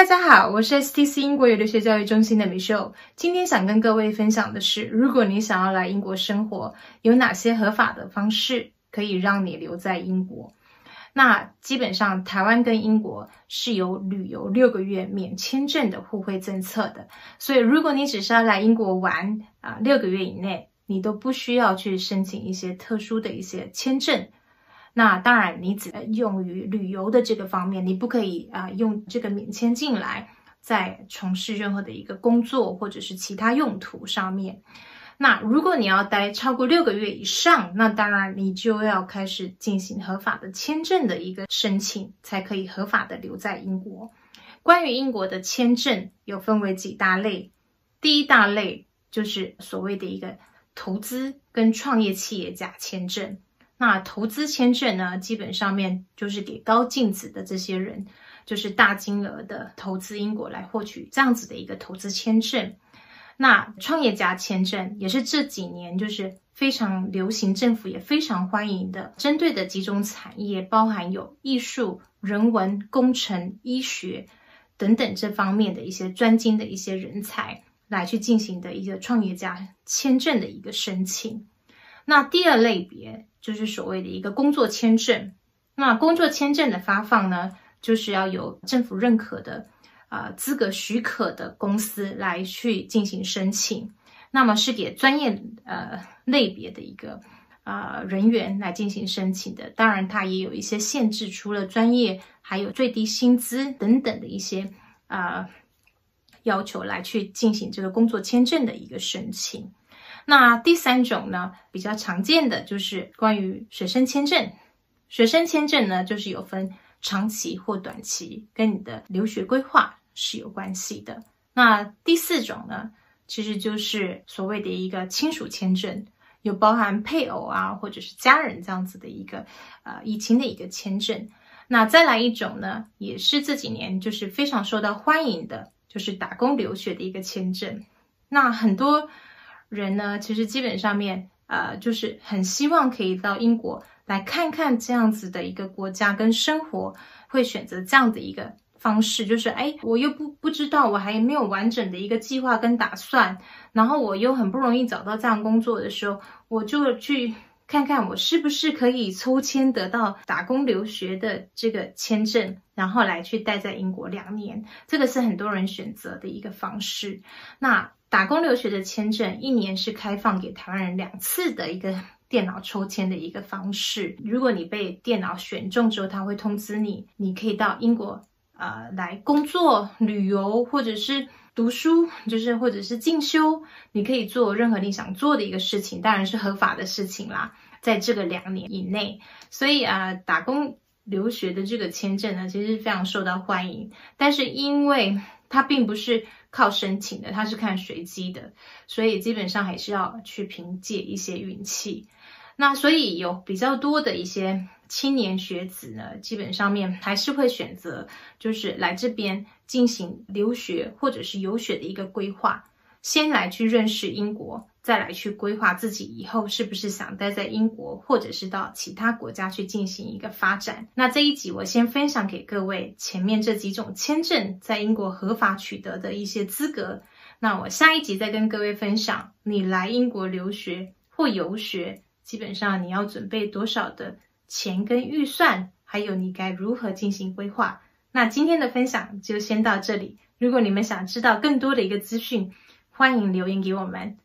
大家好，我是 STC 英國遊留學教育中心的 Michelle。今天想跟各位分享的是，如果你想要來英國生活，有哪些合法的方式可以讓你留在英國？那基本上台灣跟英國是有旅遊六個月免簽證的互惠政策的，所以如果你只是要來英國玩啊，六個月以內你都不需要去申請一些特殊的一些簽證。那當然，你只能用於旅遊的這個方面，你不可以啊用這個免簽進來，在從事任何的一個工作或者是其他用途上面。那如果你要待超過六個月以上，那當然你就要開始進行合法的簽證的一個申請，才可以合法的留在英國。關於英國的簽證，有分為幾大類。第一大類就是所謂的一個投資跟創業企業家簽證。那投資簽證呢，基本上面就是給高淨值的這些人，就是大金額的投資英國來獲取這樣子的一個投資簽證。那創業家簽證也是這幾年就是非常流行，政府也非常歡迎的，針對的幾種產業包含有藝術、人文、工程、醫學等等這方面的一些專精的一些人才來去進行的一個創業家簽證的一個申請。那第二類別就是所謂的一個工作簽證。那工作簽證的發放呢，就是要由政府認可的，呃，資格許可的公司來去進行申請。那麼是給專業呃類別的一個呃人員來進行申請的。當然，它也有一些限制，除了專業，還有最低薪資等等的一些啊、呃、要求來去進行這個工作簽證的一個申請。那第三種呢，比較常見的就是關於學生簽證。學生簽證呢，就是有分長期或短期，跟你的留學規劃是有關係的。那第四種呢，其實就是所謂的一個親屬簽證，有包含配偶啊，或者是家人這樣子的一個呃，疫情的一個簽證。那再來一種呢，也是這幾年就是非常受到歡迎的，就是打工留學的一個簽證。那很多。人呢，其實基本上面，呃，就是很希望可以到英國來看看這樣子的一個國家跟生活，會選擇這樣的一個方式，就是，哎，我又不不知道，我還沒有完整的一個計劃跟打算，然後我又很不容易找到這樣工作的時候，我就去看看我是不是可以抽籤得到打工留學的這個簽證，然後來去待在英國兩年，這個是很多人選擇的一個方式，那，打工留學的簽證一年是開放給台灣人兩次的一個電腦抽籤的一個方式。如果你被電腦選中之後，它會通知你，你可以到英國啊、呃、來工作、旅遊或者是讀書，就是或者是進修，你可以做任何你想做的一個事情，當然是合法的事情啦。在這個兩年以內，所以啊、呃，打工留學的這個簽證呢，其實非常受到歡迎。但是因為它並不是。靠申請的，他是看隨機的，所以基本上還是要去憑借一些運氣。那所以有比較多的一些青年學子呢，基本上面還是會選擇就是來這邊進行留學或者是遊學的一個規劃。先來去認識英國，再來去規劃自己以後是不是想待在英國，或者是到其他國家去進行一個發展。那這一集我先分享給各位前面這幾種簽證在英國合法取得的一些資格。那我下一集再跟各位分享你來英國留學或遊學，基本上你要準備多少的錢跟預算，還有你該如何進行規劃。那今天的分享就先到這裡。如果你們想知道更多的一個資訊，歡迎留言給我們。